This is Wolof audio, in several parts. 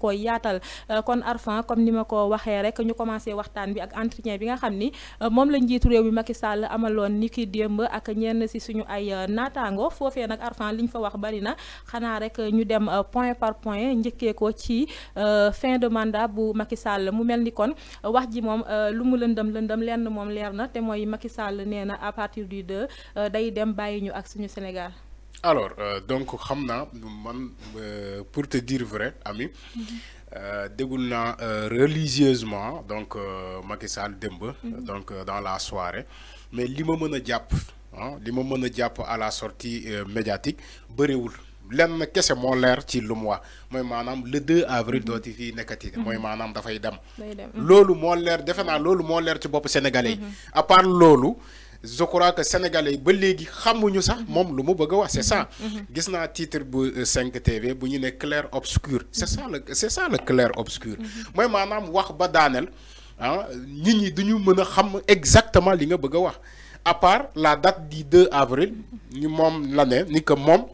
ko yaatal euh, kon Arfan comme ni ma ko waxee rek ñu commencé waxtaan bi ak entretien bi nga xam ni euh, moom la njiitu réew mi Macky Sall amaloon ni ki démb ak ñenn si suñu ay euh, naataango foofee nag Arfan li fa wax bari na xanaa rek ñu dem point par point njëkkee ko ci fin de mandat bu Macky Sall mu mel ni kon wax ji moom lu mu lëndëm lëndëm lenn moom leer na te mooy Macky Sall nee na à partir du 2 day dem bàyyi ñu ak suñu Sénégal. alors euh, donc xam man euh, pour te dire vrai ami euh, dégul naa euh, religieusement donc euh, Macky Sall démb mhm. donc dans la soirée mais li ma mën diap jàpp hein, li ma à la sortie médiatique bëriwul lenn kese moo leer ci lu mu wax mooy maanaam le 2 avril mhm. dooti moi nekkati mhm. mooy maanaam dafay dem mon l'air leer defe naa loolu moo leer ci bopp sénégalais à part loolu je crois que sénégalais ba léegi xamuñu sax mom lu bëgg wax c'est ça mhm. gis na titre bu 5 euh, TV bu ñu ne clair obscur c'est ça le c'est ça le clair obscur moy mhm. manam wax ba danel ah nit ñi duñu mëna xam exactement li nga bëgg wax à part la date du 2 avril ñu mom lannée, ni que mom,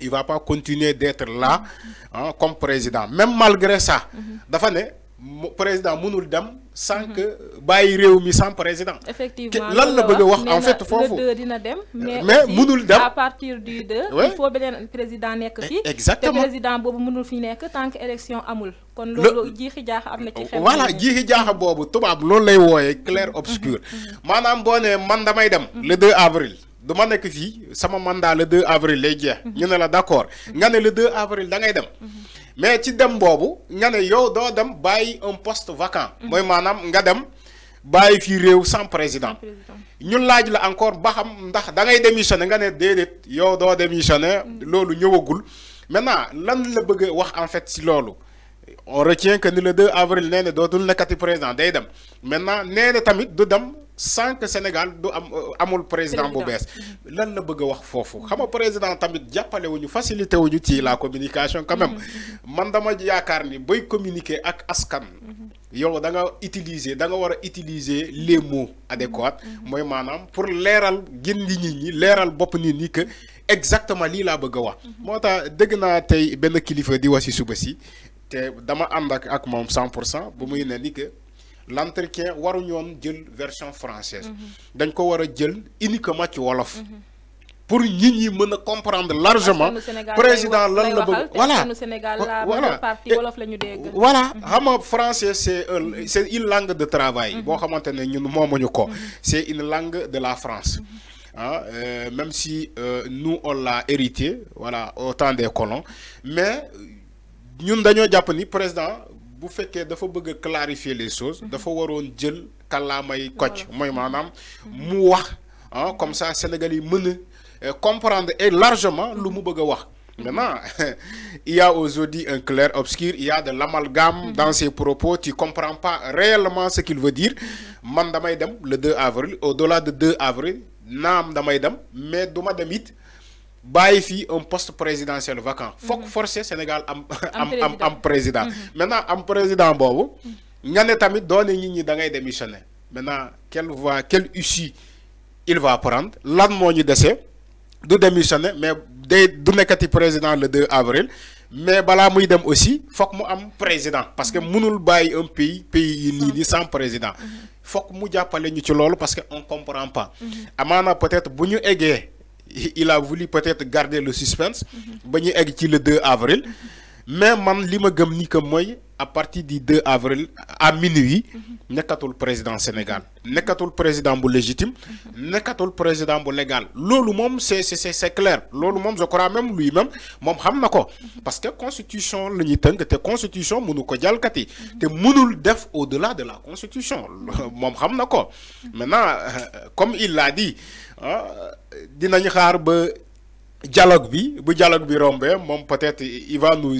il va pas continuer d'être là mhm. ah, comme président même malgré ça dafa né président mënul dem sans que bàyyi réwmi sans président. effectivement lan la bëgg wax en fait fofu le mais à partir du 2. il faut beneen président soit e fi. exactement le président ne mënul fi nek tant que élection amul. kon lolo jixi jax amna ci voilà jixi jax bobu tubaab loolu lay woyé clair mm-hmm. obscur. Mm-hmm. Mm-hmm. manam boné man damay le 2 avril. Je nek fi sama mandat le 2 avril lay jeex. ñu né la d'accord. nga né le 2 avril da ngay dem mais ci dem bobu nga ne yow do dem bàyyi un poste vacant. moy mhm. manam nga dem bàyyi fi rew sans président. ñun laaj la encore baxam ndax da ngay démissioner nga ne déedéet yow do démissioner mhm. lolu ñëwagul maintenant lan la bëgg wax en fait ci lolu on retient que ni le 2 avril nee na dootul nekkati président day dem maintenant nee tamit du dem sans que Sénégal do am euh, amul président bu lan la bëgg wax fofu xam nga président tamit jappalé wuñu faciliter wuñu ci la communication quand même mm-hmm. man dama yaakaar ni boy communiquer ak askan mm-hmm. yow da nga utiliser da nga wara utiliser les mots adéquats moy mm-hmm. manam pour léral gindi nit ñi léral bop nit ñi que exactement li la bëgg a wax moo ta dégg na tay ben kilifa di wasi suba si té dama and ak ak mom 100 bu muy ne ni que l'entretien waruñu version française mhm. dañ ko wara jël uniquement ci wolof mhm. pour que ñi mën comprendre largement président lan la voilà voilà mhm. français c'est une langue de travail c'est une langue de la France ah, euh, même si euh, nous on l'a hérité, voilà, au temps des colons. Mais nous avons le président bu fekkee dafa bëgg clarifier les choses mhm. dafa faut jël un kocc mooy maanaam mhm. mu wax ah, comme ça Sénégalais yi eh, comprendre et largement lu mu mhm. bëgg Maintenant, il y a aujourd'hui un clair obscur, il y a de l'amalgame dans ses propos, tu comprends pas réellement ce qu'il veut dire. Mandamaïdam, damay le 2 avril, au-delà de 2 avril, Nam Damaïdam, mais it il un poste présidentiel vacant fokk mhm. forcé Sénégal à am président mhm. maintenant am président il mhm. nga ne tamit doone nit ñi da ngay maintenant quelle voie issue il va prendre lan moo ñu de démissionner mais il du nekkati président le 2 avril mais il faut aussi être président parce que mënul bàyyi un pays pays yi nii sans président Il mu jàppale ñu ci loolu parce qu'on ne comprend pas Maintenant, peut-être bu ñu il a voulu peut-être garder le suspense. ba ñuy le 2 avril. mais man li ma gëm ni que à partir du 2 avril à minuit le président Sénégal le président bu légitime le président légal c'est c'est c'est clair le moom je crois même lui même moom xam parce que constitution la constitution, c'est te constitution mënu ko jalkati te def au-delà de la constitution moom xam maintenant euh, comme il l'a dit hein, dinañ xaar ba dialogue bi bu dialogue bi rombé moom peut-être il va nous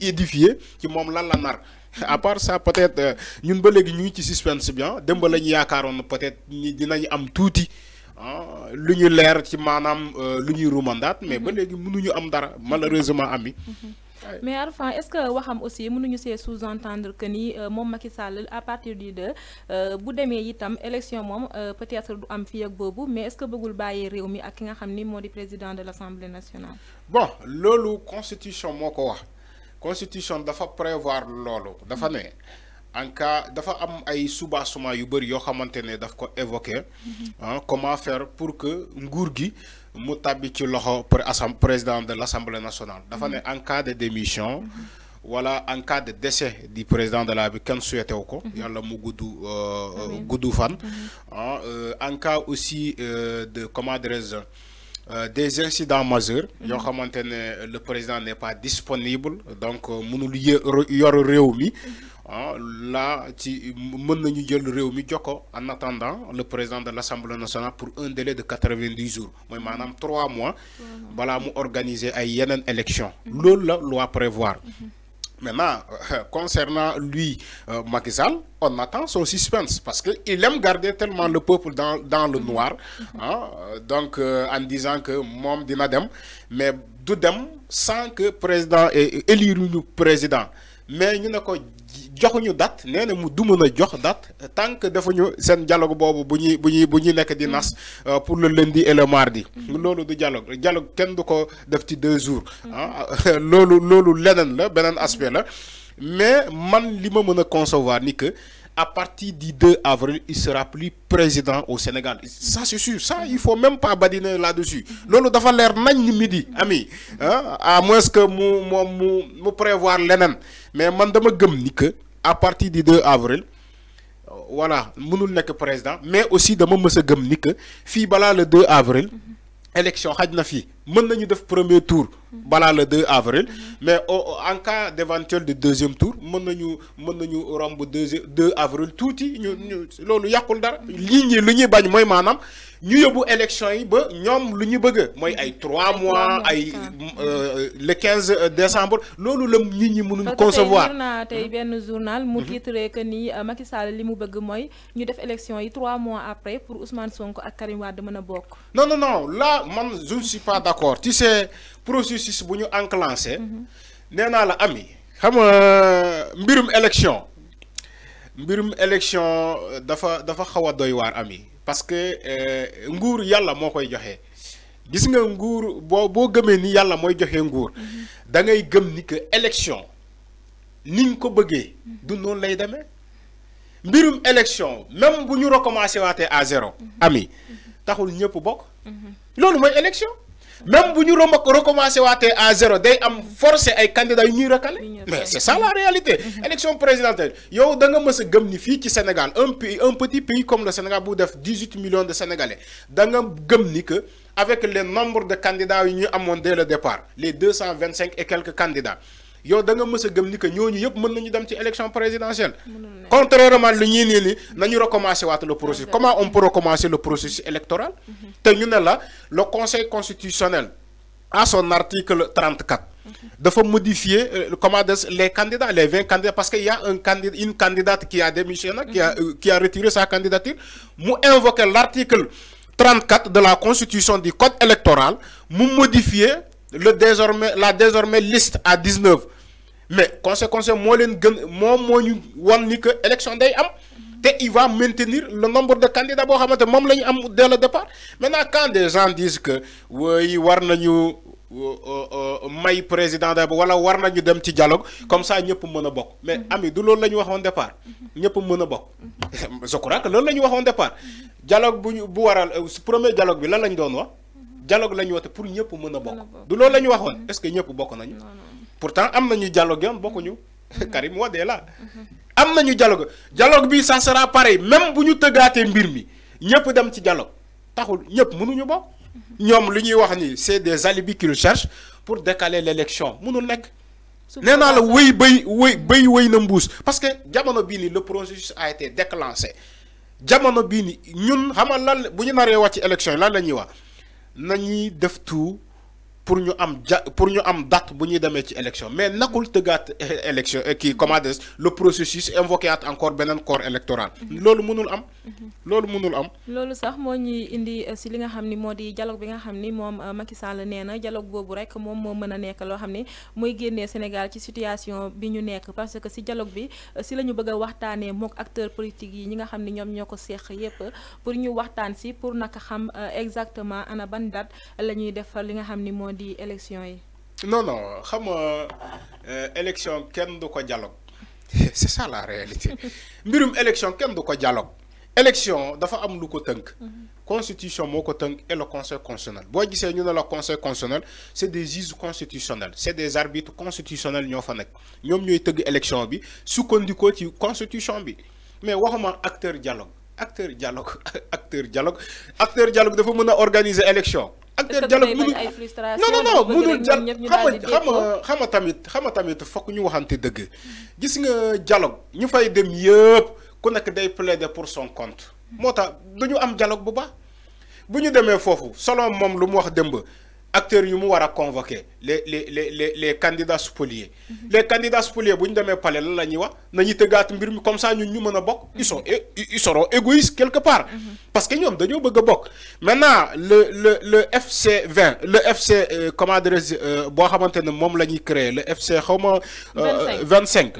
édifier ci moom lan la nar à part ça peut-être euh, ñun ba léegi ñu ngi ci suspense bi ah démb la ñu yaakaaroon peut-être ni dinañ am tuuti ah lu ñu leer ci maanaam euh, lu ñuy rumandaat mais ba léegi mënuñu am dara malheureusement ami mm-hmm. mais Arfan est-ce que avez aussi sous-entendre que ni euh, mon à partir du 2 euh, bu élection euh, peut-être am ak mais est-ce que vous ak ki président de l'Assemblée nationale. bon constitution constitution prévoir en cas dafa am ay soubassement yu bëri yo xamantene daf ko évoquer mhm. hein, comment faire pour que nguur gi mu tabbi ci loxo président de l'Assemblée nationale dafa né mhm. en cas de démission voilà mhm. en cas de décès du président de la République kenn souhaité ko yalla mu gudd euh, gudd fan hein, euh, en cas aussi euh, de comment euh, des incidents majeurs le président n'est pas disponible donc il euh, yor a mi ah, là il y a en attendant le président de l'Assemblée nationale pour un délai de 90 jours mais maintenant trois mois pour mu organiser une élection que la loi prévoir mhm. Maintenant, euh, concernant lui, euh, Macky on attend son suspense parce qu'il aime garder tellement le peuple dans, le noir, hein, euh, donc euh, en disant que mom dinadem, mais doudem sans que président et élire président. mais ñu ne ko joxuñu date nee na mu du mën a jox date tant que defuñu seen dialogue boobu bu ñuy bu ñuy bu ñuy nekk di nas euh, pour le di et le mardi. Mm-hmm. loolu du dialogue jaloog kenn du ko def ci deux jours. ah loolu loolu leneen la beneen aspect la mais man li ma mën a concevoir ni que. à partir du 2 avril, il sera plus président au Sénégal. Ça, c'est sûr. Ça, il faut même pas badiner là-dessus. Lolo dafa l'air nañ midi, ami. Hein? À moins que moi, moi, mu prévoir Mais man me à partir du 2 avril euh, voilà, mënul nek président, mais aussi de me gëm que le 2 avril élection xaj mën nañu def premier tour balaa le 2 avril mais en cas d'éventuel de deuxième tour nous nañu mën nañu romb 2 avril Tout ñu ñu loolu yàqul dara lii ñi lu ñuy bañ mooy maanaam ñu yóbbu élection yi ba ñoom lu bëgg mooy ay 3 mois ay euh, le 15 euh, décembre Nous avons nit ñi mënuñ concevoir parce que tey le mhm. journal mu mhm. titré que ni euh, Macky Sall li mu bëgg mooy ñu def élection yi 3 mois après pour Ousmane Sonko ak Karim Wade mën bokk. non non non là man je ne suis pas d'accord Tu sais, processus bu ñu enclenché. Mhm. nee naa la ami xam nga mbirum élection mbirum élection euh, dafa dafa xaw doy war ami parce que euh, nguur yalla mo koy joxe gis nga nguur bo boo gëmee ni yalla moy joxe nguur mhm. da ngay gëm ni que élection niñ ko bëggee mhm. du non lay démé mbirum élection même buñu recommencer waté à zéro ami taxul ñëpp bokk lolu moy élection même si nous recommencer recommencé à zéro day avons forcé les candidats à recaler. mais c'est ça la réalité mhm. élection présidentielle yow da nga que a gëm Sénégal un petit pays comme le Sénégal bu def millions de Sénégalais da nga gëm que avec le nombre de candidats à ñu amoon dès le départ les 225 et quelques candidats yow da nga a gëm ni que ñooñu yëpp mën nañu dem ci élection présidentielle. contrairement lu nous nii ni nañu recommencer waat le processus. comment on peut recommencer le processus électoral. Mhm. te ñu le conseil constitutionnel à son article 34. Mhm. faut modifier euh, comment les candidats les 20 candidats parce qu'il y a un candidat une candidate qui a démissionné. qui a mhm. euh, retiré sa candidature nous invoqué l'article 34 de la constitution du code électoral nous modifier le désormais la désormais liste à 19 mais conséquence moi, je gën moom moo élection day am il va maintenir le nombre de candidats boo xamante moom la am dès le départ maintenant quand des gens disent que oui war nañu euh, euh, euh, may président da wala war nañu dem ci dialogue comme ça il y a bokk mais mhm. ami du loolu la ñu départ ñëpp mëna a bokk mhm. je crois que loolu la ñu départ dialogue bu bu premier dialogue bi lan lañ doon wax dialogue la ñu woote pour ñëpp mën a bokk. du loolu la ñu waxoon mm-hmm. est-ce que ñëpp bokk nañu. pourtant am nañu dialogue yoon hein, bokkuñu. Mm-hmm. Karim Wade la mm-hmm. am nañu dialogue dialogue bi ça sera pareil même bu ñu tëggaatee mbir mi ñëpp dem ci dialogue taxul ñëpp mënuñu bokk. ñoom lu wax ni c'est des alibis qu'ils cherchent pour décaler l'élection mënul nekk. nee naa la wéy béy wéy béy parce que jamono bii nii le processus a été déclenché jamono bii nii ñun xamal lan bu ñu naree élection yi la ñuy wax. nañuy def tout pour ñu am ja pour ñu am date bu ñuy demee ci élection mais nakul tëggaat eh, élection eh, kii comment le processus invoqué encore beneen corps électoral. Mhm. loolu mënul am. Mhm. loolu mënul am. loolu sax moo ñuy indi eh, si li nga xam ni moo di dialogue bi nga xam ni moom Macky Sall nee na dialogue boobu rek moom moo mën a nekk loo xam ni mooy génnee Sénégal ci situation bi ñu nekk parce que si dialogue bi si la ñu bëgg a waxtaanee mook acteurs politiques yi ñi nga xam ni ñoom ñoo ko seq yépp pour ñu waxtaan si pour naka xam exactement ana ban date di élection non non xam élections euh, élection kenn du ko dialogue c'est ça la réalité mbirum élection kenn du ko dialogue élection dafa am lu ko mhm. constitution moko et le conseil constitutionnel bo gisee ñu conseil constitutionnel c'est des juges constitutionnels c'est des arbitres constitutionnels ñoo fa nekk ñoom ñooy élection bi sukkandikoo ci constitution bi mais waxuma acteur dialogue acteur dialogue acteur dialogue acteur dialogue dafa mën organiser élection. acteur dialogue mënu non non non mënul jal xama xama xama tamit xama tamit fokk ñu waxante dëgg hmm. gis nga dialogue ñu fay dem yëpp ku nekk day plaider pour son compte hmm. moo tax du ñu am dialogue bu baax bu ñu demee foofu solo moom lu mu wax démb acteurs yu mu convoquer les les les les candidats spoliés les candidats spoliés bu ñu demee palais la niwa ñuy wax nañu comme ça ñun ñu mën a ils sont ils seront égoïstes quelque part. parce que ñoom dañoo bëgg a maintenant le le le FC 20 le FC euh, comment dirais-je euh, boo xamante ne créer le FC xaw 25 25.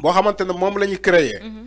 boo xamante ne créer. Mhm.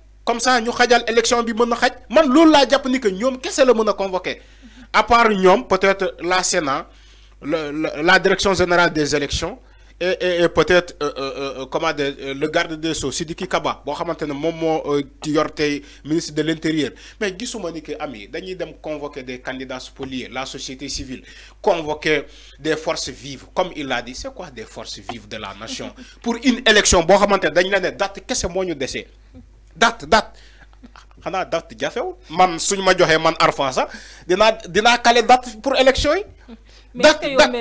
comme ça ñu xajal élection bi mëna xaj man loolu la japp ni que ñom kessé la convoqué à part ñom peut-être la Sénat la direction générale des élections et peut-être euh, euh, euh, comment le garde des Sceaux Sidiki Kaba bo xamante le ministre de l'intérieur mais gisuma ni que nous dañuy dem convoquer des candidats spoliés la société civile convoquer des forces vives comme il l'a dit c'est quoi des forces vives de la nation pour une élection bo xamante dañ la né date ñu date date xanaa date jafew man suñ ma joxee man arfa sa dina dina kale date pour élection yi. date date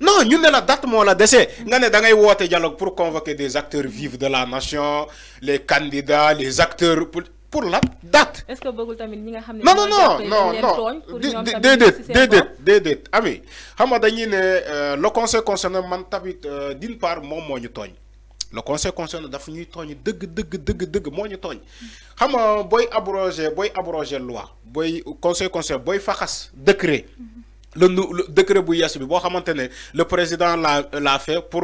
non ñun ne la date mo la desee nga ne da ngay woote dialogue pour convoquer des acteurs vifs de la nation les candidats les acteurs pour la date. est-ce que bëggul tamit ñi nga xamné non non non non non Dédé, Dédé, Dédé. ami xam dañuy né euh, le conseil concernant man tabit euh, d'une part mon moñu togn le conseil constitutionnel dafa ñuy togn deug deug deug deug mo ñu togn xam nga boy abrogé boy abrogé loi boy conseil conseil boy faxas décret le décret bu yees bi bo xamantene le président la l'a fait pour